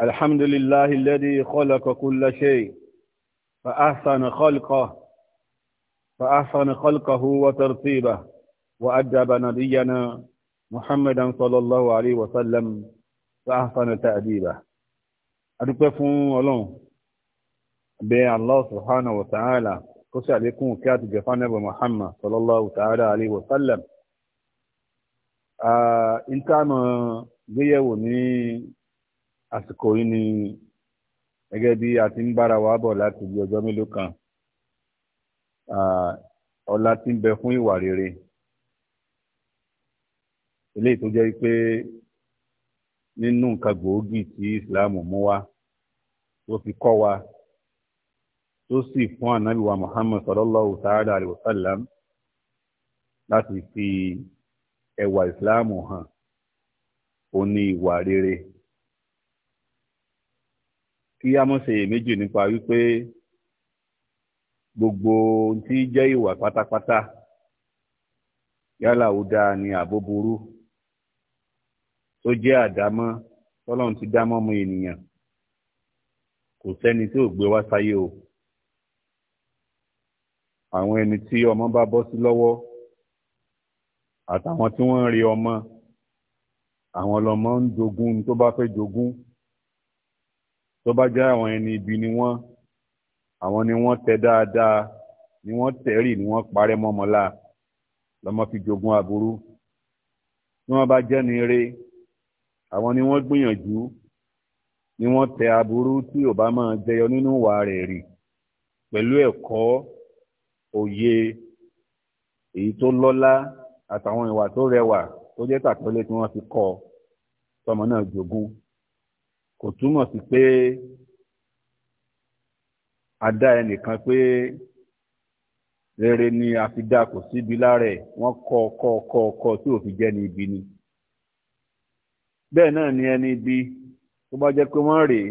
الحمد لله الذي خلق كل شيء فأحسن خلقه فأحسن خلقه وترتيبه وأدب نبينا محمدا صلى الله عليه وسلم فأحسن تأديبه adúpẹ́ fún ọlọ́run bẹ allah subhanahu wa ta'ala kó sí àlékún kí a ti jẹ fánẹ́bà muhammad sallallahu ta'ala alaihi wa sallam ìtànà ah, gbéyẹ̀wò ní àsìkò yìí ni gẹ́gẹ́ bí a ti ń bára wa bọ̀ láti ibi ọjọ́ mélòó kan ọlá ti ń bẹ fún ìwà rere eléyìí tó jẹ́ pé nínú nǹkan gbòógì tí ìsìláàmù mú wá tó fi kọ́ wa tó sì fún ànábì wa Muhammad sallallahu ta'ala láti fi ẹwà Islam hàn ó ní ìwà rere. kí a mọ̀ ṣe èméjì nípa wípé gbogbo tí jẹ́ ìwà pátápátá yálà ó dáa ni àbó burú tó jẹ́ àdámọ́ tọ́lọ́run ti dá mọ́mọ́ ènìyàn kò sẹ́ni tí ò gbé wá sáyé o àwọn ẹni tí ọmọ bá bọ́ sí lọ́wọ́ àtàwọn tí wọ́n ń re ọmọ àwọn lọ́mọ ń jogún tó bá fẹ́ jogún tó bá jẹ́ àwọn ẹni ibi ni wọ́n àwọn ni wọ́n tẹ dáadáa ni wọ́n tẹ̀rì ni wọ́n parẹ́ mọ́mọ́lá lọ́mọ fi jogun aburú tí wọ́n bá jẹ́ ni eré àwọn ni wọ́n gbìyànjú ni wọ́n tẹ aburú tí ò bá máa jẹyọ nínú ìwà rẹ̀ rì pẹ̀lú ẹ̀kọ́ òye èyí tó lọ́lá àtàwọn ìwà tó rẹwà tó jẹ́ tàpẹ́lẹ́ tí wọ́n fi kọ́ tọmọ náà jogún kò túmọ̀ sí pé a dá ẹnìkan pé rere ni a fi dá kò síbi lára ẹ̀ wọ́n kọ́ kọ́ kọ́ kọ́ tí ò fi jẹ́ ní ibi ni bẹ́ẹ̀ náà ni ẹni ibi tó bá jẹ́ pé wọ́n rèé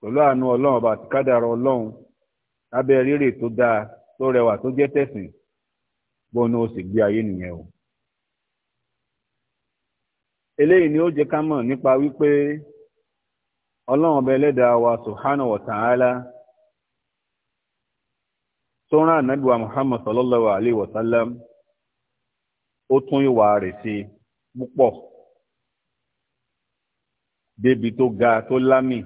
pẹ̀lú àánú ọlọ́run ọba àti kádàrá ọlọ́run lábẹ́ rírè tó dáa tó rẹwà tó jẹ́ tẹ̀sìn bọ́ọ̀nù ó sì gbé ayé nìyẹn o eléyìí ni ó jẹ́ ká mọ̀ nípa wípé ọlọ́run ọba ẹlẹ́dàá wa subhanahu wa ta'ala tó rán ànábì wa muhammad sallallahu alayhi wa sallam ó tún ìwà rẹ̀ ṣe púpọ̀ débi tó ga tó lámì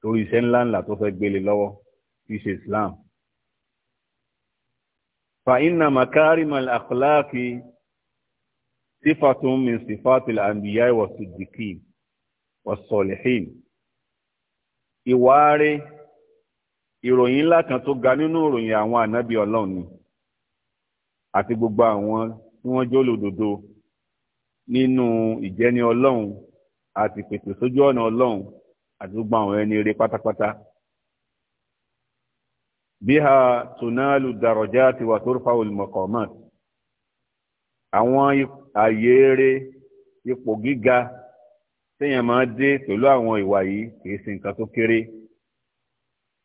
torí iṣẹ́ ńláńlá tó fẹ́ gbélé lọ́wọ́ tí ṣe islam fa inna makarimal akhlaqi sifatun min sifatil anbiya wa wasolihin ìwáre ìròyìn ńlá kan tó ga nínú ìròyìn àwọn ànábì ọlọ́run ni àti gbogbo àwọn tí wọ́n jẹ́ olódodo nínú ìjẹni ọlọ́run àti pètè sójú ọ̀nà ọlọ́run àti gbogbo àwọn ẹni rere pátápátá. biha tunalu darajati wa turfa'ul maqamat àwọn àyè eré ipò gíga téèyàn máa dé pẹ̀lú àwọn ìwà yìí kìí sí nǹkan tó kéré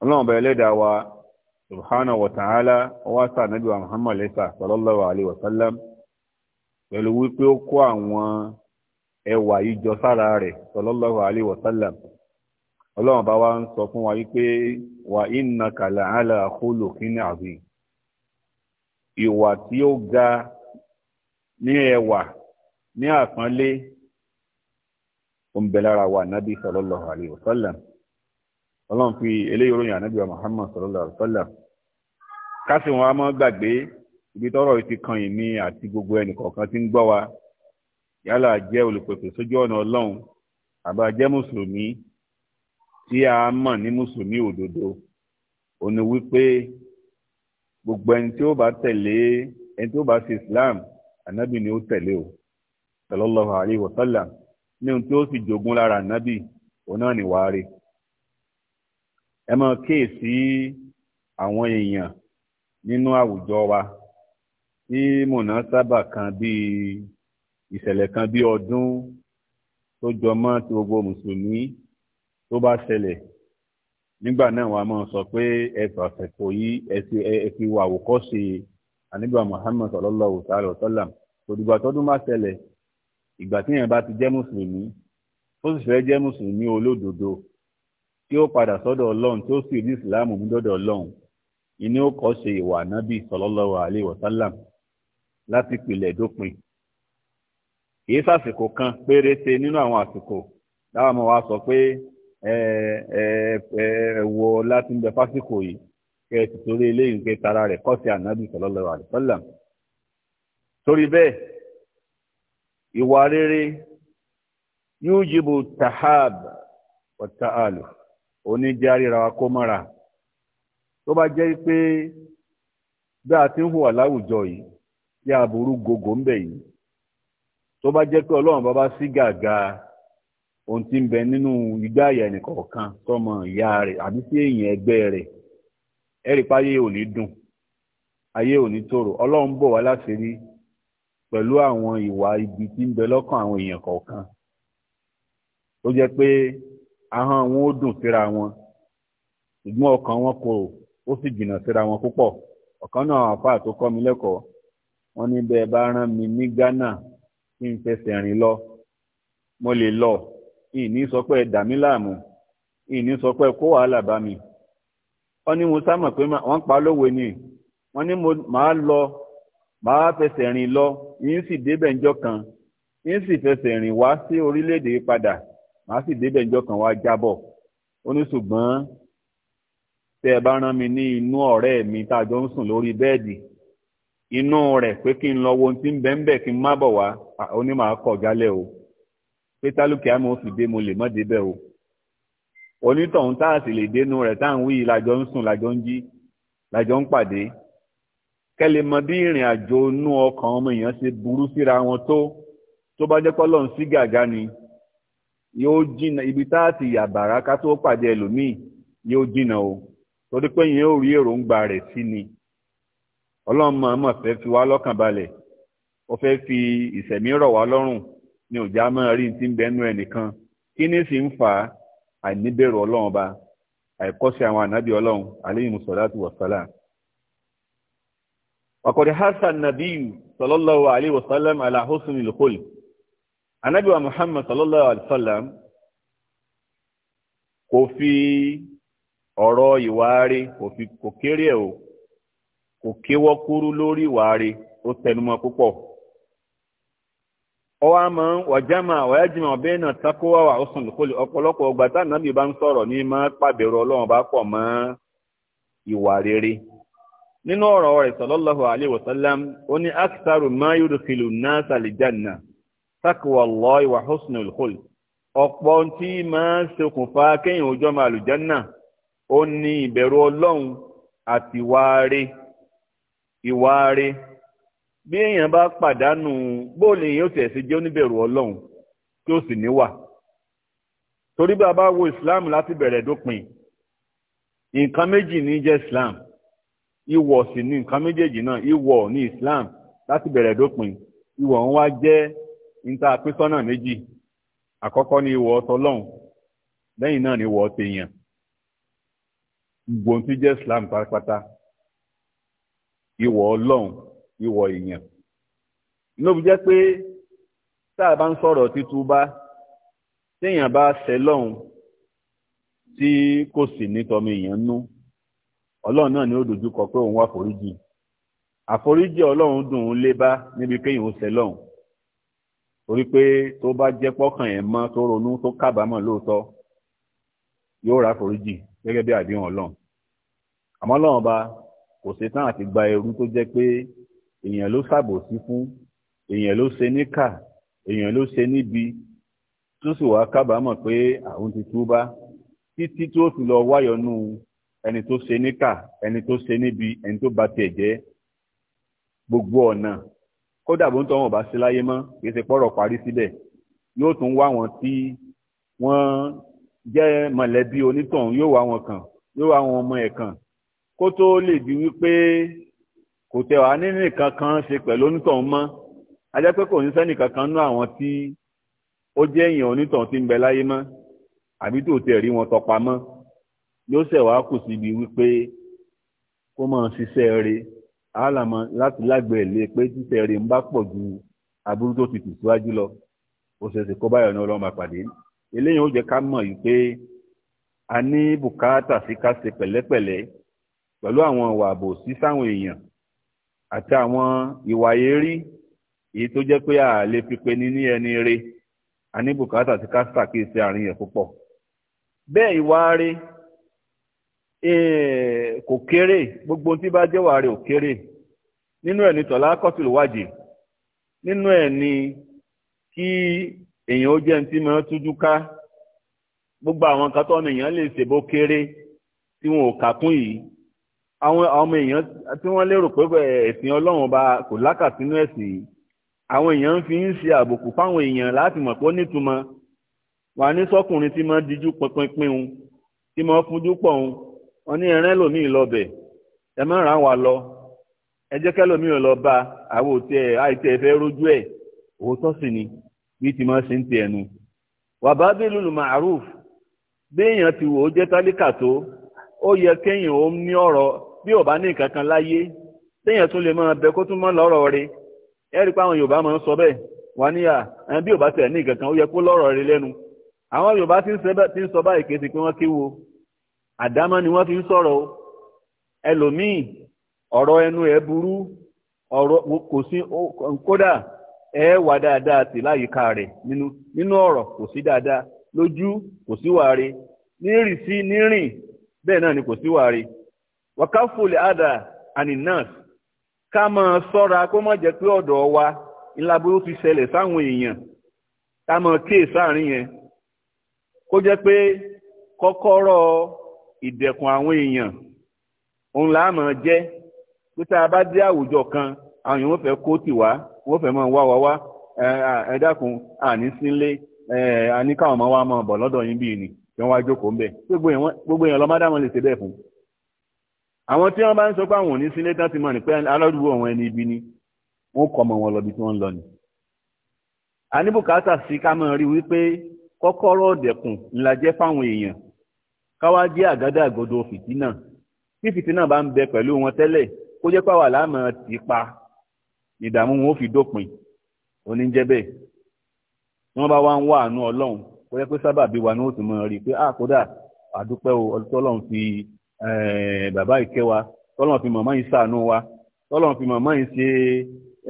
ọlọ́run bẹ̀rẹ̀ lẹ́dàá wa subhana wa ta'ala wá sà nábì wa muhammad lẹ́sà sallallahu alayhi wa sallam pẹ̀lú wípé ó kó àwọn ẹwà yìí jọ sára rẹ̀ sallallahu alayhi wa sallam ọlọ́run bá wá ń sọ fún wa wípé wa innaka la'ala khuluqin azim ìwà tí ó ga ní ẹwà ní àpọ́nlé ó ń bẹ lára wa nábì sallallahu alayhi wa sallam ọlọ́run fi eléyìí ròyìn ànábì wa muhammad sallallahu alayhi wa sallam kásì wọn a máa gbàgbé ibi tọ́rọ̀ ti kan ìní àti gbogbo ẹnì kọ̀ọ̀kan tí ń gbọ́ wa yálà jẹ́ olùpèpè sójú ọ̀nà ọlọ́run àbá jẹ́ mùsùlùmí tí a mọ̀ ní mùsùlùmí òdodo ó wípé gbogbo ẹni tí ó bá tẹ̀lé ẹni tí ó bá ṣe islam ànábì ni ó tẹ̀lé o sallallahu alayhi wa sallam ní ohun tí ó sì jogún lára nábì òun náà nìwà rẹ̀ ẹ máa kíyèsí àwọn èèyàn nínú àwùjọ wa tí mọ̀nà sábà kan bíi ìṣẹ̀lẹ̀ kan bíi ọdún tó jọ mọ́ ti gbogbo mùsùlùmí tó bá ṣẹlẹ̀ nígbà náà wàá máa sọ pé ẹ fàfẹ̀fọ yìí ẹ fi àwòkọ́ṣe àníbà Muhammad sallallahu alaihi wa òdìgbà tọdún bá ṣẹlẹ̀ ìgbà tí èèyàn bá ti jẹ́ mùsùlùmí ó sì fẹ́ jẹ́ mùsùlùmí olódodo tí ó padà sọ́dọ̀ ọlọ́run tí ó sì rí ìsìláàmù mú dọ́dọ̀ ọlọ́run ìní ó kọ́ ṣe ìwà nábì sallallahu alaihi wasallam láti pìlẹ̀ dópin kìí sàsìkò kan péréte nínú àwọn àsìkò láwọn ọmọ wa sọ pé ẹ ẹ ẹ wọ láti ń bẹ fásìkò yìí kẹ ẹ sì torí eléyìí ń pe tara rẹ̀ kọ́ sí ànábì sallallahu alaihi wasallam torí bẹ́ẹ̀ ìwà rere yóò jìbò tahab wàtàálù oníjẹ́ àríra wa kó mọ́ra tó bá jẹ́ pé bí a ti ń hùwà láwùjọ yìí tí aburú gògó ń yìí tó bá jẹ́ pé ọlọ́run bá bá sí gàga ohun ti ń bẹ nínú igbá àyà ẹnìkọ̀ọ̀kan tọmọ ìyá rẹ̀ àbí sí èèyàn ẹgbẹ́ rẹ̀ ẹ̀rí pẹ̀lú àwọn ìwà ibi tí ń bẹ lọ́kàn àwọn èèyàn kọ̀ọ̀kan ó jẹ́ pé ahọ́n wọn ó dùn síra wọn ṣùgbọ́n ọkàn wọn kò ó sì jìnnà síra wọn púpọ̀ ọ̀kan náà àfáà tó kọ́ mi lẹ́kọ̀ọ́ wọ́n ní bẹ́ẹ̀ bá rán mi ní Ghana kí n fẹsẹ̀ rìn lọ mo lè lọ ìní sọpẹ́, pé dà mí láàmú ìní sọ kó wàhálà bá mi wọ́n ní mo sá mọ̀ pé wọ́n pa lówe ni wọ́n ní mo máa lọ màá fẹsẹ̀ rìn lọ yín sì débẹ̀ ńjọ́ kan yín sì fẹsẹ̀ rìn wá sí orílẹ̀-èdè padà màá sì débẹ̀ ńjọ́ kan wá jábọ̀ ó ní ṣùgbọ́n tẹ́ ẹ bá rán mi ní inú ọ̀rẹ́ mi tá a jọ ń sùn lórí bẹ́ẹ̀dì inú rẹ̀ pé kí n lọ wo ohun ń bẹ ń bẹ kí n má bọ̀ wá ó ní màá kọ̀ jálẹ̀ o pé tálùkì àmọ́ oṣù dé mo lè mọ́ débẹ̀ o onítọ̀hún tá a sì lè dénú rẹ̀ tá à ń wí làjọ ń sùn làjọ ń jí làjọ ń pàdé kẹ́lẹ̀ mọ bí ìrìn àjò inú ọkàn ọmọ èèyàn ṣe burú síra wọn tó tó bá jẹ́ pọ́lọ́ sí gàgá ni yóò jìnnà ibi tá àti yàbàrá ká tó pàdé ẹlòmíì yóò jìnnà o torí pé yẹn ò rí èròǹgbà rẹ̀ sí ni ọlọ́run mọ̀ọ́mọ̀ fẹ́ fi wá lọ́kàn balẹ̀ ó fẹ́ fi ìṣẹ̀mí rọ̀ wá lọ́rùn ni òjá máa rí ti ń bẹnu ẹnìkan kí ni sì ń fà á àìníbẹ̀rù ọlọ́run ba àìkọ́ṣe àwọn ànábì ọlọ́run alayhi musallatu wassalam ọ̀kọ̀dẹ̀ hasan nabiyu sallallahu alaihi wasallam ala husnil khuluq anabi wa muhammad sallallahu alaihi wasallam kò fi ọ̀rọ̀ ìwárí kò kéré ẹ̀ o kò kéwọ́ kúrú lórí ìwárí ó tẹnumọ́ púpọ̀ ọwọ́ àmọ́ wàjámà wàyájìmọ̀ ọ̀bẹ́ náà takówá wà ọ̀sùn lùkọ́lù ọ̀pọ̀lọpọ̀ ọgbà tá nàbì bá ń sọ̀rọ̀ ní máa pàbẹ̀rọ ọlọ́run bá pọ̀ mọ́ ìwà rere nínú ọ̀rọ̀ rẹ̀ sallallahu alaihi wasallam ó ní aksaru ma yudkhilu an-nasa al-janna taqwallahi wa husnul khuluq ọ̀pọ̀ tí máa ṣokùnfà kéèyàn ojú ọmọ àlùjánà ó ní ìbẹ̀rù ọlọ́run àti ìwáre ìwáre bí èèyàn bá pàdánù bóòlù yìí ó tẹ̀ sí jẹ́ oníbẹ̀rù ọlọ́run tí ó sì níwà torí bá a bá wo islam láti bẹ̀rẹ̀ dópin nǹkan méjì ní jẹ́ islam ìwọ̀ sì ni nǹkan méjèèjì náà ìwọ̀ ní Islam láti bẹ̀rẹ̀ dópin ìwọ̀ ń wá jẹ́ níta pínsọ́nà méjì àkọ́kọ́ ni ìwọ̀ tọlọ́hun lẹ́yìn náà ni ìwọ̀ tèèyàn gbòǹtí jẹ́ Islam pátápátá ìwọ̀ ọlọ́hun ìwọ̀ èèyàn lóbi jẹ́ pé tá a bá ń sọ̀rọ̀ títúbá téèyàn bá ṣẹ̀ lọ́hun tí kò sì ní tọmọ èèyàn nú. No ọlọ́run náà ni ó dojú kọ pé òun àforíjì àforíjì ọlọ́run dùn ún lé bá níbi kéyìn ó ṣẹ lọ́hùn torí pé tó bá jẹ́ pọ́kàn ẹ̀ mọ́ tó ronú tó kábàámọ̀ lóòótọ́ yóò ra àforíjì gẹ́gẹ́ bí àdéhùn ọlọ́run àmọ́ ọlọ́run ọba kò ṣetán àti gba ẹrú tó jẹ́ pé èèyàn ló ṣàbòsí fún èèyàn ló ṣe níkà èèyàn ló ṣe níbi tó sì wá kábàámọ̀ pé àwọn ti túbá títí tó fi lọ wáyọnú ẹni tó ṣe níkà ẹni tó ṣe níbi ẹni tó bá tiẹ̀ jẹ́ gbogbo ọ̀nà kódà bó ń tọ́ wọn bá ṣe láyé mọ́ kì í ṣe pọ́rọ̀ parí síbẹ̀ yóò tún wá wọn tí wọ́n jẹ́ mọ̀lẹ́bí onítọ̀hún yóò wá wọn kàn yóò wá wọn ọmọ ẹ̀ kàn kó tó lè di wípé kò tẹ̀ wá nínú nǹkan kan ṣe pẹ̀lú onítọ̀hún mọ́ a jẹ́ pé kò ní sẹ́nì kankan nú àwọn tí ó jẹ́ èèyàn onítọ̀hún tí ń bẹ láyé mọ́ àbí tó tẹ̀ rí wọn tọpa mọ́ yóò ṣẹ̀ wá kù síbi wípé kó máa ṣiṣẹ́ rẹ̀ àálàmọ́ láti lágbẹ̀ẹ́ lé pé ṣiṣẹ́ rẹ̀ ń bá pọ̀ ju aburú tó ti tẹ̀síwájú lọ ó ṣẹ̀ṣẹ̀ kó báyọ̀ ní ọlọ́run àpàdé eléyìí ó jẹ́ ká mọ̀ yìí pé a ní bùkátà sí ká ṣe pẹ̀lẹ́pẹ̀lẹ́ pẹ̀lú àwọn ìwà àbòsí sáwọn èèyàn àti àwọn ìwà èérí èyí tó jẹ́ pé a lè fi pe ní ní ẹni re a ní bùkátà sí ká ṣàkíyèsí àárín yẹn púpọ̀ bẹ́ẹ̀ ìwà rẹ̀ Eh, kò kéré gbogbo ohun tí bá jẹ́ wàá rẹ̀ ò kéré nínú ẹ̀ ní tọ̀lá kọ́tùlù wájì nínú ẹ̀ ní kí èèyàn ó jẹ́ ní tí mìíràn tújú ká gbogbo àwọn kan tọ́nu èèyàn lè ṣèbó kéré tí wọn ò kà kún yìí àwọn ọmọ èèyàn tí wọ́n lérò pé ẹ̀sìn ọlọ́run bá kò lákàtúnú ẹ̀sìn yìí àwọn èèyàn ń fi ń ṣe àbùkù fáwọn èèyàn láti mọ̀ pé ó nítumọ̀ wà ní sọ́kùnrin tí máa dijú pinpin un tí máa fúnjú pọ̀ un wọ́n ní ẹ̀rẹ́ lòmíì lọ́bẹ̀ ẹ má ràn wá lọ ẹ jẹ́ kẹ́lòmíì lọ bá àwọn òtí ẹ̀ àìtẹ́ ẹ fẹ́ rójú ẹ̀ òótọ́ sì ni bí ti máa ṣe ń ti ẹnu. wàbá bílù màrúf béèyàn ti wò ó jẹ́ tálíkà tó ó yẹ kéèyàn ó ní ọ̀rọ̀ bí ò bá ní nǹkan kan láyé téèyàn tún lè máa bẹ kó tún mọ́ lọ́rọ̀ rẹ̀ ẹ rí i pé àwọn Yorùbá máa ń sọ bẹ́ẹ̀ wà níyà ẹni bí ò bá tẹ̀ ní nǹkan kan ó yẹ kó lọ́rọ̀ rẹ̀ lẹ́nu àwọn Yorùbá ti ń sọ báyìí pé wọ́n àdámọ́ ni wọ́n fi ń sọ̀rọ̀ ẹlòmíì ọ̀rọ̀ ẹnu ẹ̀ burú ọ̀rọ̀ kò sí kódà ẹ wà dáadáa sí láyìíká rẹ̀ nínú nínú ọ̀rọ̀ kò sí dáadáa lójú kò sí wàre nírìsí nírìn bẹ́ẹ̀ náà ni kò sí wàre wàkàfòlì àdà ànínáàs ká máa sọ́ra kó má jẹ́ pé ọ̀dọ̀ wa ńlá fi ṣẹlẹ̀ sáwọn èèyàn ká máa kéè sáàrin yẹn kó jẹ́ pé kọ́kọ́rọ́ ìdẹ̀kùn àwọn èèyàn òun là á mọ̀ jẹ́ pé tá a bá dé àwùjọ kan àwọn èèyàn wọ́n fẹ́ kó tì wá wọ́n fẹ́ máa wá wá wá ẹ dákun àní sínlé àní káwọn ọmọ wa máa bọ̀ lọ́dọ̀ yín bíi ni kí wọ́n wá jókòó gbogbo èèyàn lè ṣe bẹ́ẹ̀ àwọn tí wọn bá ń sọ pé àwọn ò ní pé ẹni ibi ni wọ́n ọmọ wọn lọ wọ́n ń lọ ni. àníbùkátà sí ká rí wípé kọ́kọ́rọ́ ọ̀dẹ̀kùn káwá jẹ́ àgádágodo fìtínà bí fìtínà bá ń bẹ pẹ̀lú wọn tẹ́lẹ̀ kó jẹ́ pàwọ́ àlámọ̀ ti pa ìdààmú wọn ó fi dópin oníjẹ́ bẹ́ẹ̀ tí wọ́n bá wá ń wá àánú ọlọ́run kó jẹ́ pé sábà bí wa ni ó ti mọ̀ rí i pé àkódà àdúpẹ́ o ọlọ́run fi eh, bàbá ìkẹ́ wa tọ́lọ́run fi mọ̀mọ́ yìí ṣàánú wa tọ́lọ́run fi mọ̀mọ́ yìí ṣe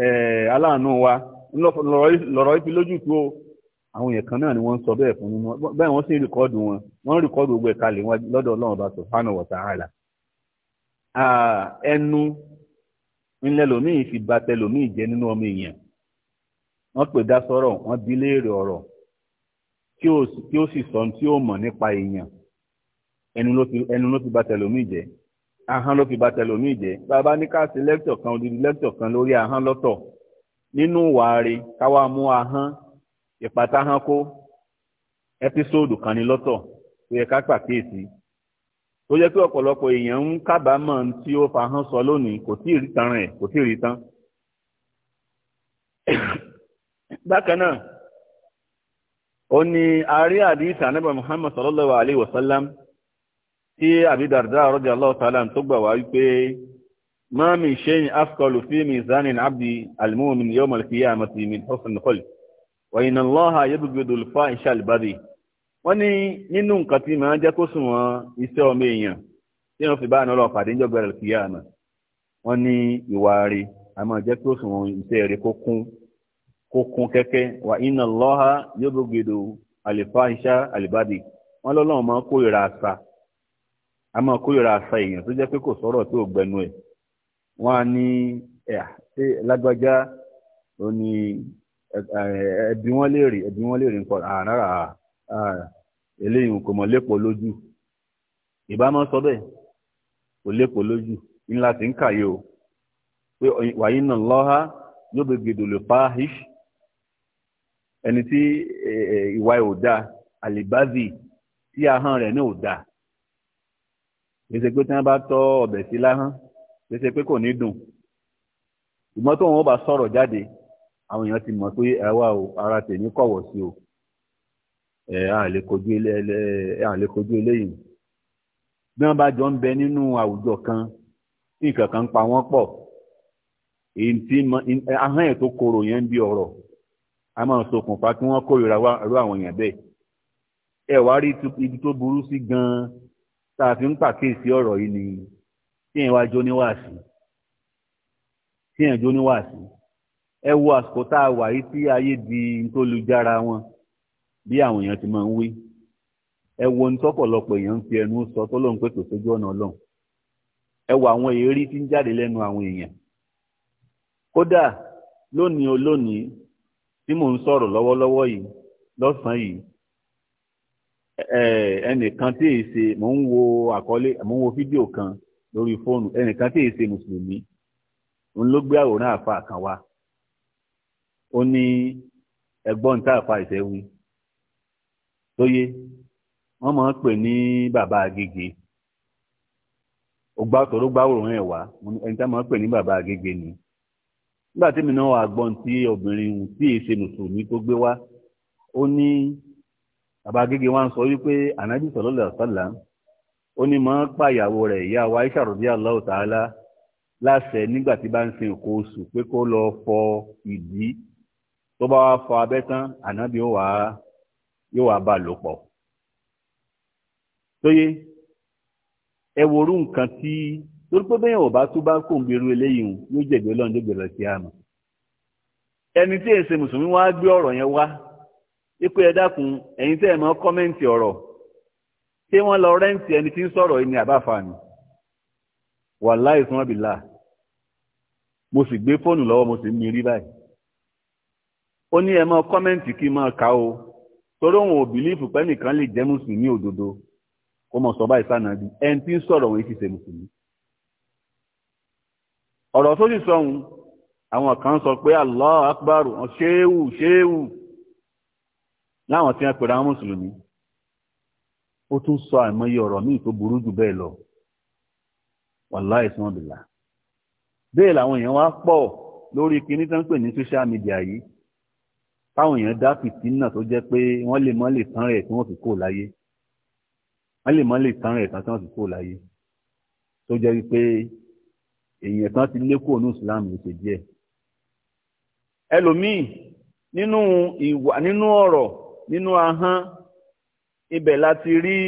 eh, aláàánú wa lọ́rọ̀ yìí o àwọn èèyàn kan náà ni wọ́n ń sọ bẹ́ẹ̀ fún nínú bẹ́ẹ̀ wọ́n sì ń rìkọ́ọ̀dù wọn wọ́n ń rìkọ́ọ̀dù gbogbo ẹ̀ka lè wọn lọ́dọ̀ ọlọ́run ọba subhanahu wa ta'ala. ẹnu ńlẹ̀ lòmíì fi ba tẹlòmíì jẹ́ nínú ọmọ èèyàn wọ́n pè dá sọ́rọ̀ wọ́n bi léèrè ọ̀rọ̀ tí ó sì sọ tí ó mọ̀ nípa èèyàn ẹnu ló fi ba tẹlòmíì jẹ́ ahọ́n ló fi ba tẹlòmíì jẹ́ bàbá ní ká lẹ́kítọ̀ kan odidi lẹ́kítọ̀ kan lórí ahọ́n lọ́tọ̀ nínú wàá rí káwá mú ahọ́n ìpàtàhánkó ẹ́písòòdù kan ní lọ́tọ̀ tó yẹ ká pàkíyèsí tó jẹ́ pé ọ̀pọ̀lọpọ̀ èèyàn ń kábàámọ̀ tí ó fahán sọ lónìí kò tí ì rí tan rẹ̀ kò tí ì rí tán. bákan náà ó ní àárí àdìsí anábà Muhammad sallallahu alayhi wa sallam tí Abi Darda radiyallahu tó gbà wá wípé ma min shay'in afqalu fi abdi al-mu'min yawm al min husn al wàyìn lọ́ha yẹ́dùgbẹ́dù fa ìṣe wọ́n ní nínú nǹkan tí màá jẹ́ kó sùn wọ́n iṣẹ́ ọmọ èèyàn tí wọ́n fi bá àná pàdé níjọba rẹ̀ kìí àná wọ́n ní ìwà rí a jẹ́ kó sùn wọ́n iṣẹ́ rẹ̀ kó kún kẹ́kẹ́ wàyìn lọ́ha yẹ́dùgbẹ́dù wọ́n àṣà gbẹnu ẹbí wọn léèrè ẹbí wọn léèrè nǹkan àrárá eléyìí kò mọ̀ lẹ́pọ̀ lójú ìbámu sọ bẹ́ẹ̀ kò lẹ́pọ̀ lójú ńlá ti ń kàyé o pé wàyí náà lọ́ha yóò bẹ gbèdòlè fáhíṣ ẹni tí ìwà ẹ̀ ò dáa àlìbáàzì tí ahọ́n rẹ̀ náà ò dáa gbèsè pé tí wọ́n bá tọ́ ọbẹ̀ sí láhán gbèsè pé kò ní dùn ìmọ́tò wọn ò bá sọ̀rọ̀ jáde àwọn èèyàn ti mọ̀ pé àwa o ara tèmi kọ̀wọ̀ sí o ẹ̀ à lè kojú eléyìí bí wọ́n bá jọ ń bẹ nínú àwùjọ kan nǹkan kan ń pa wọ́n pọ̀ èyí tí ahọ́n ẹ̀ tó korò yẹn ń bí ọ̀rọ̀ a máa ṣokùnfà kí wọ́n kórìíra irú àwọn èèyàn bẹ́ẹ̀ ẹ wá rí ibi tó burú sí gan tá a fi ń pàkíyèsí ọ̀rọ̀ yìí ni tí èèyàn wá jó níwáàsí tí èèyàn ewu wo àsìkò tá a wà yìí tí ayé di ntólújára wọn bí àwọn èèyàn ti máa ń wí ẹwọ wo èèyàn ẹnu sọ tó lóun pé kò sójú ọ̀nà ọlọ́run ẹwọ àwọn èérí tí ń jáde lẹ́nu àwọn èèyàn kódà lónìí olónìí tí mò ń sọ̀rọ̀ lọ́wọ́lọ́wọ́ yìí lọ́sàn kan lórí fóònù ẹnìkan tí èyí ṣe mùsùlùmí òun kan ó ní ẹgbọ́n tá a fa ìṣẹ́wí lóye wọ́n máa ń pè ní bàbá agége ògbà tòró gbà ẹ̀ wá ẹni tá a máa ń pè ní bàbá agége ni nígbà tí mi náà wà gbọ́n tí obìnrin tí èyí mùsùlùmí tó gbé wá ó ní bàbá agége wa ń sọ wípé ànábì sallallahu alaihi wasallam ó ní máa ń pàyàwó rẹ̀ wa Aisha radiyallahu ta'ala láṣẹ nígbà tí bá ń sin òkú oṣù pé kó lọ fọ ìdí tó bá wá fọ abẹ́ tán ànábì yóò wá yóò wá bá lò pọ̀ tóyé ẹ worú nǹkan tí torí pé bẹ́ẹ̀ ò bá tún bá kóńgbé irú eléyìí yóò jẹ̀bi ọlọ́run tó gbèrò sí àmọ́ ẹni tí èsè mùsùlùmí wá gbé ọ̀rọ̀ yẹn wá ipò ẹ dákun ẹ̀yin tẹ́ ẹ mọ́ kọ́mẹ́ǹtì ọ̀rọ̀ ṣé wọ́n lọ rẹ́ǹtì ẹni tí ń sọ̀rọ̀ yìí ni àbáfà ni wàláì sùn ọ́bìlà mo sì gbé fóònù lọ́wọ́ mo sì ń mi rí báyìí ó ní ẹ mọ kọ́mẹ́ǹtì kí n máa kà ó torí òun ò bìlífù pé nìkan lè jẹ́ mùsùlùmí òdodo kó mọ̀ sọ báyìí sànà bí ẹni tí ń sọ̀rọ̀ òun ti ṣe mùsùlùmí. ọ̀rọ̀ tó sì sọ̀hún àwọn kan sọ pé Allah akbar ṣéwù ṣéwù láwọn tí wọ́n pèrè àwọn mùsùlùmí ó tún sọ àìmọye ọ̀rọ̀ míì tó burú jù bẹ́ẹ̀ lọ wàláì sàn bìlà bẹ́ẹ̀ làwọn èèyàn wá pọ̀ lórí kinní tó ń pè ní social media yìí táwọn èèyàn dá náà tó jẹ́ pé wọ́n lè mọ́ lè tán rẹ̀ tí wọ́n fi kó láyé wọ́n lè mọ́ tán rẹ̀ kan ti lé kúrò ní Islam ló díẹ̀ ẹlòmíì nínú ìwà nínú ọ̀rọ̀ nínú ahọ́n ibẹ̀ láti rí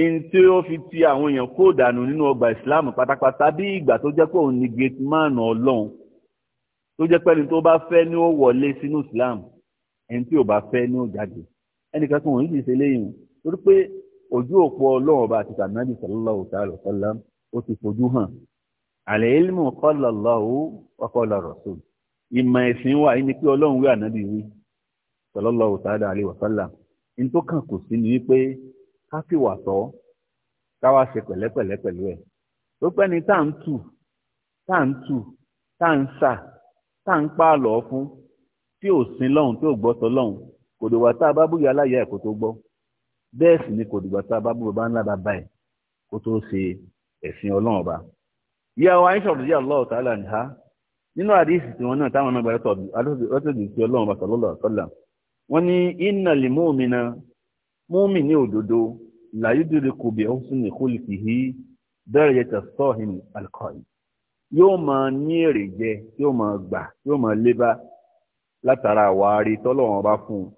ihun tí ó fi ti àwọn èèyàn kó dànù nínú ọgbà Islam pátápátá bí ìgbà tó jẹ́ pé òun ni man ọlọ́run tó jẹ́ pẹ́ni tó bá fẹ́ ni ó wọlé sínú islam ẹni tí ò bá fẹ́ ni ó jáde ẹnìkan kan wọ́n yìí ṣe léyìn torí pé ojú òpó ọlọ́run ọba àti tànàbí sallallahu ta'ala sallam ó ti fojú hàn àlẹ́ ilmu qala Allahu wa qala rasul ìmọ̀ ẹ̀sìn wà ní pé ọlọ́run wí ànábì wí sallallahu ta'ala alaihi wa sallam ní tó kàn kò sí ni wípé ká wà tọ́ ká ṣe pẹ̀lẹ́pẹ̀lẹ́ pẹ̀lú ẹ̀ tó pẹ́ni tá ń tù tá ń tù tá ń sà tá ń pààlọ́ fún tí ò sin lọ́hùn tí ò gbọ́ sọ lọ́hùn kò dìgbà tá a bá búyà aláya ẹ̀ kó tó gbọ́ bẹ́ẹ̀ sì ni kò dìgbà tá a bá bú bàbá ńlá bàbá ẹ̀ kó tó ṣe ẹ̀sìn ọlọ́run ọba. ìyá wa aisha ọ̀dọ̀ yà lọ́wọ́ tààlà nìha nínú àdìsí tiwọn náà táwọn ọmọbìnrin lọ́sọ̀dì sí ọlọ́run ọba sọ̀lọ́lọ́ sọ́là wọ́n ní iná lè múmi na múmi ní òdodo làyúdúró kò bí ọ̀hún sí ní kólìkì yìí bẹ́ẹ̀ yẹ tẹ̀ sọ́ọ̀hìn alkọ́ì yóò máa ní èrè jẹ yóò máa gbà yóò máa lébá látara àwárí tọ́lọ́wọ́n bá fún un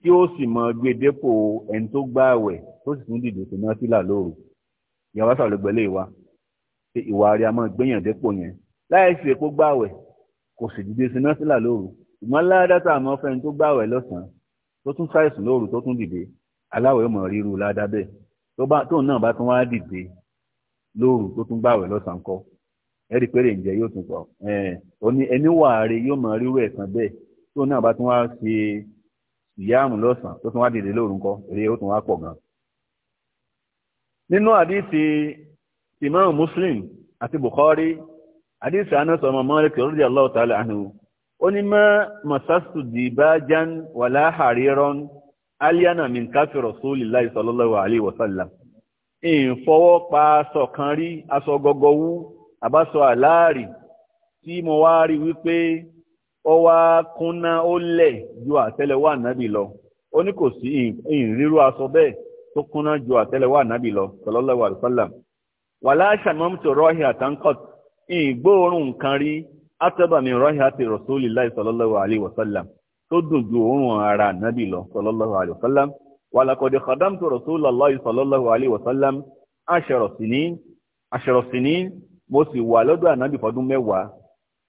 tí ó sì máa gbé dépò ẹni tó gbààwẹ̀ tó sì tún dìde tòun sílà lóru ìyàwó sàlùgbẹ́lẹ̀ ìwà ṣe ìwà rí a máa gbéyàn dépò yẹn láì ṣe kó gbààwẹ̀ kò sì dìde síná sílà lóru ìmọ̀ ládàtà àmọ́ fẹ́ni tó gbààwẹ̀ lọ́sàn-án tó tún ṣàìsùn lóru tó tún dìde aláwẹ̀ mọ̀ ríru ládàbẹ̀ tóun náà bá tún wá dìde lóru tó tún gbààwẹ̀ lọ́sàn-án kọ́ ẹ̀rí péré ǹjẹ́ yóò tún sọ òní ẹni wà á rí yóò mọ rírú ẹ̀sán bẹ́ẹ̀ tó náà bá tún wá ṣe ìyáàmù lọ́sàn-án tó tún wá dìde lóru ńkọ́ èrè ó tún wá pọ̀ gan. nínú àdìsí imam muslim àti bukhari àdìsí anas ọmọ malik radiyallahu ta'ala anhu ó ní mọ́ masasu dibajan wàlá hariran aliana min kafi rasulillahi sallallahu alayhi wa sallam ìfọwọ́pa aṣọ rí aṣọ gọgọ wú àbásọ àláàrí tí mo wá rí wípé ó wá kúnná ó lẹ̀ ju àtẹ́lẹwọ́ ànábì lọ ó ní kò sí ìrírú aṣọ bẹ́ẹ̀ tó kúnná ju àtẹ́lẹwọ́ ànábì lọ sallallahu alaihi wasallam wàlá ṣàmọ́mùtò rọ́hì àtàǹkọ̀t ìgbóòórùn nǹkan rí átọ́bàmí rọ́hì àti rasulillahi sallallahu alaihi wasallam tó dùn ju òórùn ara ànábì lọ sallallahu alaihi wasallam wàlàkọ̀dẹ̀ kọ̀dámtò rasulillahi sallallahu alaihi wasallam ashara sinin ashara mo sì wà lọ́dọ̀ ànábì fọdún mẹ́wàá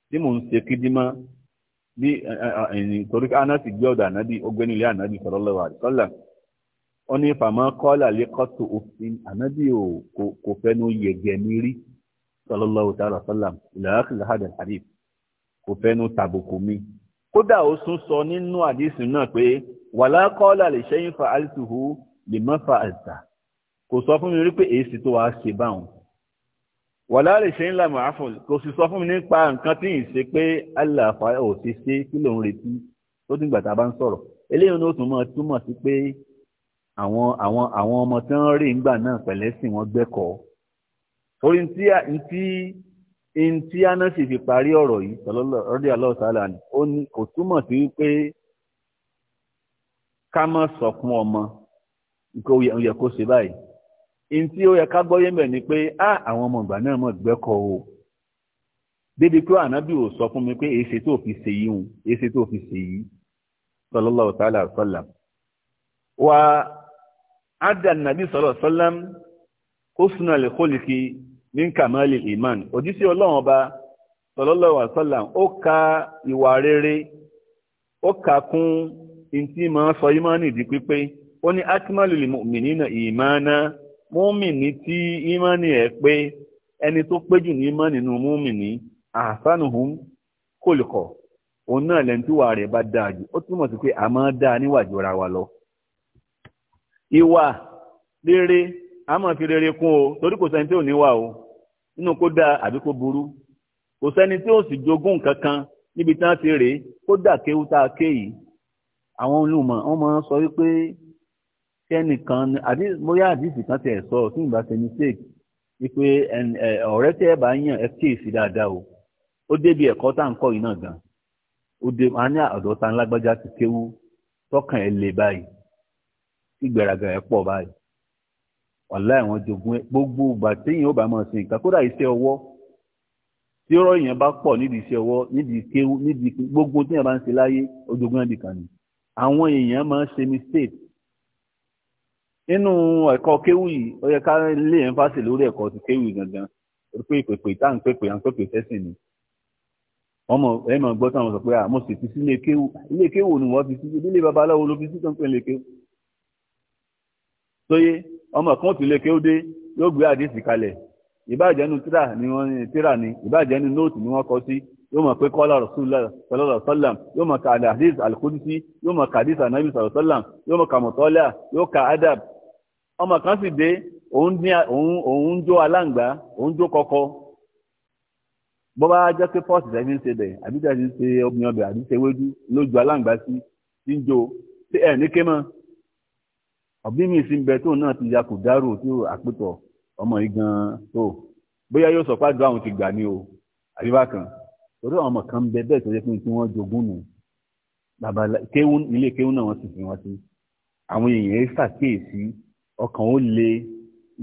tí mò ń ṣe kídímọ́ bí torí aná sì gbé ọ̀dọ̀ ànábì ó gbé nílé ànábì sallallahu alaihi wasallam ó ní fàmọ́ kọ́là lé kọ́tù òfin ànábì ò kò fẹ́nu yẹ̀gẹ̀ mi rí sallallahu ta'ala sallam ìlàákìlá hàdà hadith kò fẹ́nu tàbùkù mi kódà ó tún sọ nínú àdìsí náà pé wàlá kọ́là lè ṣẹ́yìn fa àlìtùhù lè mọ́ fa àlìtà kò sọ fún mi rí pé èyí sì tó wàá ṣe báwọn wà láàrin ṣe ń là máa fún kò sì sọ fún mi nípa nǹkan tí ì ṣe pé aláàfà ò ti ṣe kí lòun retí tó dìgbà tá a bá ń sọ̀rọ̀ eléyìí ló tún mọ̀ túmọ̀ sí pé àwọn àwọn àwọn ọmọ tí wọ́n rí ńgbà náà pẹ̀lẹ́ sí wọn gbẹ́kọ̀ọ́ torí ntí ntí ntí anasi fi parí ọ̀rọ̀ yìí rọ́dí aláwọ̀sálà ni ó ní kò túmọ̀ sí wípé ká má sọkún ọmọ nǹkan ó yẹ kó ṣe báyìí in tí ó yẹ ká gbọ́yé mẹ́ ni pé á àwọn ọmọ ìgbà náà mọ̀ gbẹ́kọ̀ o débi pé ànábì ò sọ fún mi pé èsè tó fi ṣe yìí hùn èsè tó fi ṣe yìí sallallahu ta'ala sallam wa adà nàbí sallallahu sallam husna li khulqi min kamali iman òjíṣẹ́ ọlọ́run ọba sallallahu sallam ó ka ìwà rere ó kà kún in máa sọ ìmánì di pípé ó ní akmalul mu'minina imana múmìnì tí ìmánì ẹ̀ pé ẹni tó pé jù ní ìmánì nínú múmìnì ahsanuhum khuluqa òun náà lẹ́ni tí wà rẹ̀ bá dáa jù ó túmọ̀ sí pé a máa dáa níwájú jọra wa lọ. ìwà rere a máa fi rere kún o torí kò sẹ́ni tí ò níwà o nínú kó dáa àbí kó burú kò sẹ́ni tí ò sì jogún kankan níbi tí wọ́n ti rèé kó dà kéwú tá a ké yìí àwọn olùmọ̀ wọ́n máa ń sọ wípé kẹ́nìkan àbí bóyá àdìsí kan tẹ̀ sọ fún ìgbà tẹ̀ mistake wípé ọ̀rẹ́ tẹ́ ẹ bá yàn ẹ kíyèsí dáadáa o ó débi ẹ̀kọ́ tá à ń kọ́ yìí náà gan ó dé a ní ọ̀dọ́ ta ńlágbájá ti kéwú tọkàn ẹ lè báyìí tí gbẹ̀ràgà ẹ pọ̀ báyìí wàláì wọn jogún ẹ gbogbo ìgbà téèyàn ó bá máa sin nǹkan kódà iṣẹ́ ọwọ́ tí ọ̀rọ̀ èèyàn bá pọ̀ nídìí iṣẹ́ ọwọ́ nídìí kéwú nídìí gbogbo téèyàn bá ń ṣe láyé ó ẹ̀ nìkan ni àwọn èèyàn máa ń ṣe mistake nínú ẹ̀kọ́ kéwù yìí ó yẹ ká lè ẹ́ńfàsì lórí ẹ̀kọ́ ti kéwù gangan torí pé ìpèpè tá à ń pèpè à ń pèpè sẹ́sìn ni wọ́n mọ̀ ẹ̀yìn mọ̀ gbọ́ táwọn sọ pé àmọ́ sì fi sí ilé kéwù ilé kéwù ni wọ́n fi sí ilé babaláwo ló fi sí tó ń pè ilé kéwù tóyé ọmọ kan ti ilé kéwù dé yóò gbé àdéhìí kalẹ̀ ìbáàjẹ́nu tíra ni wọ́n ní tíra ni ìbáàjẹ́nu nóòtù ni wọ́n kọ sí yóò mọ̀ pé kọ́lá rasulullah sallam yóò mọ̀ ka alhadis alkudisi yóò mọ̀ ka hadis anabi sallam yóò mọ̀ ka mọ̀tọ́lá yóò ka adab ọmọ kan sì dé òun ní òun ń jó aláǹgbá òun jó kọkọ bó bá jẹ́ pé pọ́ọ̀sì tẹ̀sí ń ṣe bẹ̀ àbí tẹ̀sí ń ṣe omi ọbẹ̀ àbí ṣe wédú lójú aláǹgbá sí tí ń jó ṣé ẹ̀ ní ké mọ́ ọ̀bí mi sì ń bẹ tóun náà ti ya kò dárò tí àpótọ̀ ọmọ yìí gan tó bóyá yóò sọ pé àdúrà òun ti gbà ní o àbí bákan torí àwọn ọmọ kan bẹ bẹ́ẹ̀ tó yẹ kí n tí wọ́n jogún nù bàbá ilé kéwú náà wọ́n sì fi wọ́n sí àwọn èèyàn ṣàkíyèsí ọkàn ó le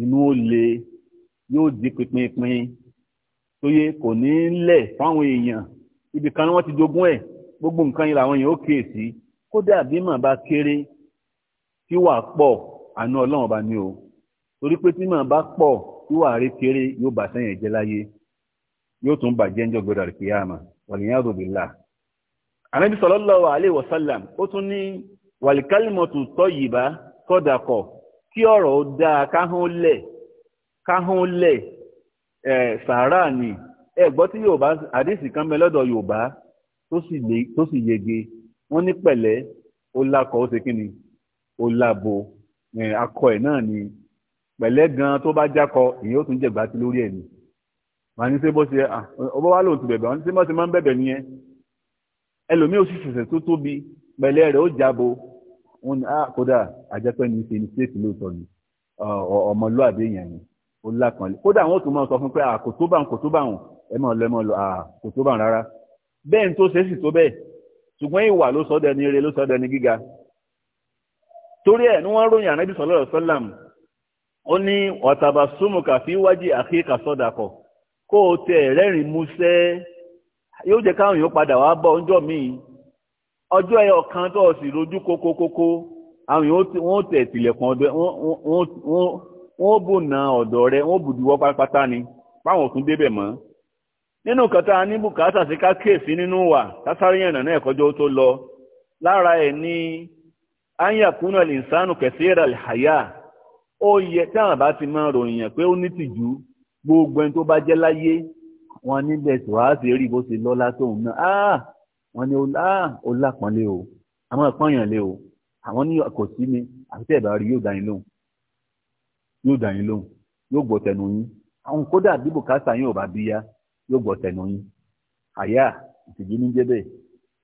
inú ó le yóò di pinpin tóyé kò ní lẹ̀ fáwọn èèyàn ibì kan ni wọ́n ti jogún ẹ̀ gbogbo nǹkan yìí làwọn èèyàn ó kíyèsí kódà bí màá bá kéré tí wà pọ̀ àánú ọlọ́run bá ní o torí pé tí màá bá pọ̀ tí wà rí kéré yóò bà sẹ́yìn jẹ́ láyé yóò tún bàjẹ́ ń jọ gbọdọ̀ rẹ̀ kíyàmà wàlíyàn rògbìlà ànábì sallallahu alaihi wasallam ó tún ní wàlíkálímọ̀tù tọ́yìbá sọ́dàkọ̀ kí ọ̀rọ̀ ó dáa káhún lẹ̀ káhún lẹ̀ ẹ̀ sàárà ni ẹ gbọ́ tí yorùbá àdéhìsì kan bẹ lọ́dọ̀ yorùbá tó sì yege wọ́n ní pẹ̀lẹ́ ó lakọ̀ ó ṣe kí ni ó labo akọ ẹ̀ náà ni pẹ̀lẹ́ gan tó bá jákọ ìyẹn ó tún jẹ̀gbá sí lórí ẹ̀ ni wọ́n ní ṣé bó ṣe ọba wa lòun ti bẹ̀bẹ̀ wọ́n ní ṣé bó ṣe máa ń bẹ̀bẹ̀ nìyẹn ẹlòmíì ó sì ṣẹ̀ṣẹ̀ tó tóbi pẹ̀lẹ́ rẹ̀ ó jábo wọn ni ah kódà àjẹpẹ́ ní ṣe ní ṣéèkì lóòótọ́ ni ọmọlúwàbí èèyàn ni ó lákànlẹ̀ kódà wọn tún máa sọ fún pé à ah, kò tó bá wọn kò tó bá wọn ẹ máa lọ ẹ máa lọ à ah, kò tó bá wọn rárá bẹ́ẹ̀ ni tó ṣe é sì tó bẹ́ẹ̀ ṣùgbọ́n ìwà ló sọ́dọ̀ ẹni rere ló sọ́dọ̀ ẹni gíga torí ẹ̀ ni wọ́n ròyìn ànábì sallallahu alaihi wasallam ó ní ọ̀tàbà súnmùkà fi wájì àkíkà sọ́dàkọ̀ kó o tẹ̀ rẹ́rìn-ín músẹ́ yóò jẹ́ káwọn èèyàn padà wá bọ́ ọjọ́ míì ọjọ́ ẹ ọ̀kan tó sì rojú kókókókó àwọn èèyàn wọ́n tẹ̀ tilẹ̀kùn ọ̀dọ̀ wọ́n bò na ọ̀dọ̀ rẹ wọ́n bùdíwọ́ pátápátá ni páwọn òtún débẹ̀ mọ́ nínú kàtà ní bùkátà sí ká kíyèsí nínú wà kásáré yànnà náà ẹ̀kọ́jọ́ tó lọ lára ẹ̀ ní anyakuna linsanu kẹsíra lìhàyà ó yẹ tí àwọn bá ti máa ròyìn yàn pé ó ní tìjú gbogbo ẹni tó bá jẹ́ láyé wọn níbẹ̀ tó á sì rí bó ṣe lọ́lá tóun náà wọ́n ní ah, ó lápọ̀nlé o àwọn àpọ̀nyàn lé o àwọn ní kò sí ni àti tẹ́ ẹ̀ bá rí yóò dá yín lóhùn yóò dá yín lóhùn yóò gbọ́ tẹnu yín àwọn kódà bí bùkátà yín ò bá bí yá yóò gbọ́ tẹnu yín àyà ìtìjú ní jẹ́bẹ̀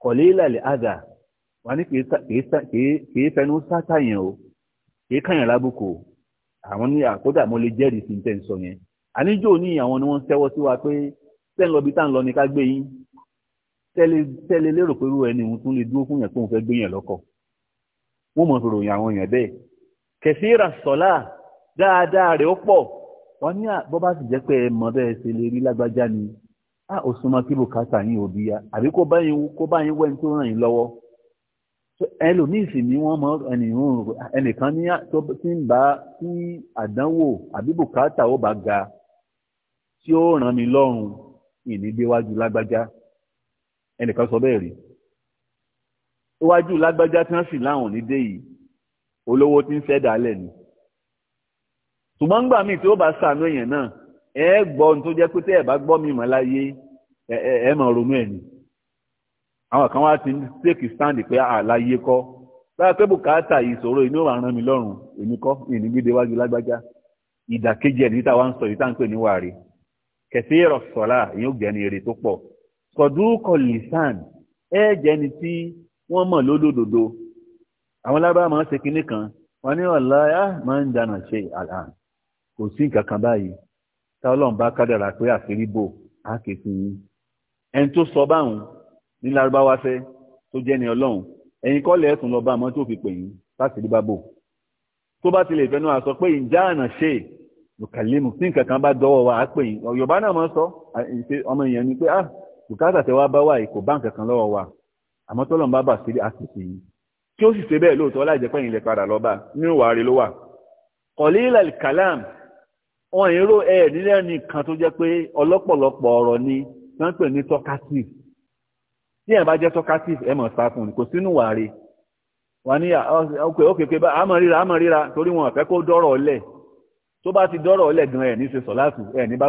kọ̀lé ìlàlẹ̀ àdà wà ní kìí fẹnu sáta yẹn o kìí kàyàn lábùkù àwọn ní àkódà mo lè jẹ́rìí sí ní tẹ́ ń sọ yẹn àníjò ní àwọn ni wọ́n ń sẹ́wọ́ sí wa pé tẹ́ ń lọ tá ń lọ ni ká gbé yín tẹ́lẹ̀ lérò pé irú ẹni òun tún lè dúró fún yẹn kó òun fẹ́ gbé yẹn lọ́kọ̀ wọ́n mọ̀ fèrò yàn àwọn èèyàn bẹ́ẹ̀ kẹ̀sí ìràsọ́lá dáadáa rẹ̀ ó pọ̀ wọ́n ní bọ́ bá sì jẹ́ pé ẹ mọ̀ bẹ́ẹ̀ ṣe lè rí lágbájá ni a ò súnmọ́ kí bùkátà yín ò bí ya àbí kó bá yín kó bá yín wẹ́ni tó ràn yín lọ́wọ́ ẹlòmíì sì ni wọ́n mọ ẹnìkan ní tí ń bá tí àdánwò àbí bùkátà ó bá ga tí ó ràn mí lọ́rùn ìnídéwájú lágbájá ẹnìkan sọ bẹ́ẹ̀ rí iwájú lágbájá tí wọ́n sì láwọn ní dé yìí olówó tí ń fẹ́ dálẹ̀ ni ṣùgbọ́n nígbà míì tí ó bá sànú èèyàn náà ẹ gbọ́ ohun tó jẹ́ pé tẹ́ ẹ bá gbọ́ mi mọ̀ láyé ẹ mọ̀ ronú ẹ̀ ni àwọn kan wá ti ń tèkì sáǹdì pé àlàyé kọ́ báyọ̀ pé bùkátà ìṣòro inú ọ̀rọ̀ àrán mi lọ́rùn èmi kọ́ èmi gbé déwájú lágbájá ìdàkejì ẹ̀ níta wá ń sọ yìí tá à ń pè sọ̀lá ìyẹn ò tó pọ̀ sọ̀dúkọ̀ lisan ẹ jẹni tí wọ́n mọ̀ lódòdòdó àwọn lábá máa ń ṣe kinní kan wọ́n ní ọ̀la á ah, máa ń dànà ṣe àlà kò sí nǹkan kan báyìí tá ọlọ́run bá kádàrà pé àṣírí bò á ké sí yín ẹni tó sọ báwọn ní lárúbáwá fẹ́ tó jẹ́ ni ọlọ́run ẹ̀yin kọ́ lẹ́ẹ̀tún lọ bá àmọ́ tó fi pè yín láṣìírí bá bò tó bá ti lè fẹnu àsọ pé ìjà àná ṣe lùkàlímù sí nǹkan kan bá dọ́wọ́ wa á pè yín Yorùbá náà máa sọ ọmọ èèyàn ni pé ah, bùkátà tẹ wá bá wà yìí kò bá nǹkan kan lọ́wọ́ wa àmọ́ tọ́lọ̀ ń bá bà sí àsìkò yìí tí ó sì ṣe bẹ́ẹ̀ lóòótọ́ láì jẹ́ pẹ́yìn ilẹ̀ padà lọ́ba nínú wàá rí ló wà. kọ̀lílà kàlám wọn yìí ró ẹ̀ nílẹ̀ nìkan tó jẹ́ pé ọlọ́pọ̀lọpọ̀ ọ̀rọ̀ ni wọ́n ń pè ní talkative tí ẹ̀ bá jẹ́ talkative ẹ̀ mọ̀ sá fún un kò sínú wàá rí wà ní ọkọ̀ òkè pé àmọ̀ ríra àmọ̀ ríra torí wọn fẹ́ kó dọ́rọ̀ bá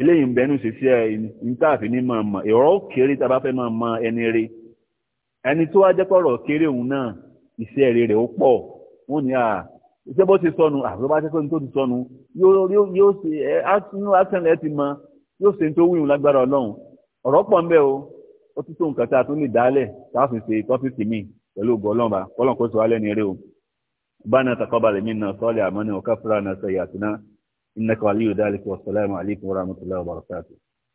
eléyìí ń bẹnu ṣèṣe ẹ nítàfin ní máa mọ ìrọ̀ kéré tá a bá fẹ́ máa mọ ẹni rí ẹni tó wá jẹ́ pọ̀rọ̀ kéré òun náà iṣẹ́ rere rẹ̀ ó pọ̀ wọ́n ní à iṣẹ́ bó ti sọnù àbúrò bá ṣẹ́kọ̀ọ́ tó ti sọnù yóò ṣe ẹ ásínú ásínú ẹ ti mọ yóò ṣe tó wíwùn lágbára ọlọ́run ọ̀rọ̀ pọ̀ ń bẹ o ó ti tó nǹkan tá a tún lè dálẹ̀ táàfin ṣe tọ́fíìsì mi pẹ̀lú ògùn ọlọ́mọba kọ́lọ́n kó o bá náà taqabbal minna sọ́ọ̀lì àmọ́ ni ọ̀ká fúra náà إنك ولي ذلك والسلام عليكم ورحمة الله وبركاته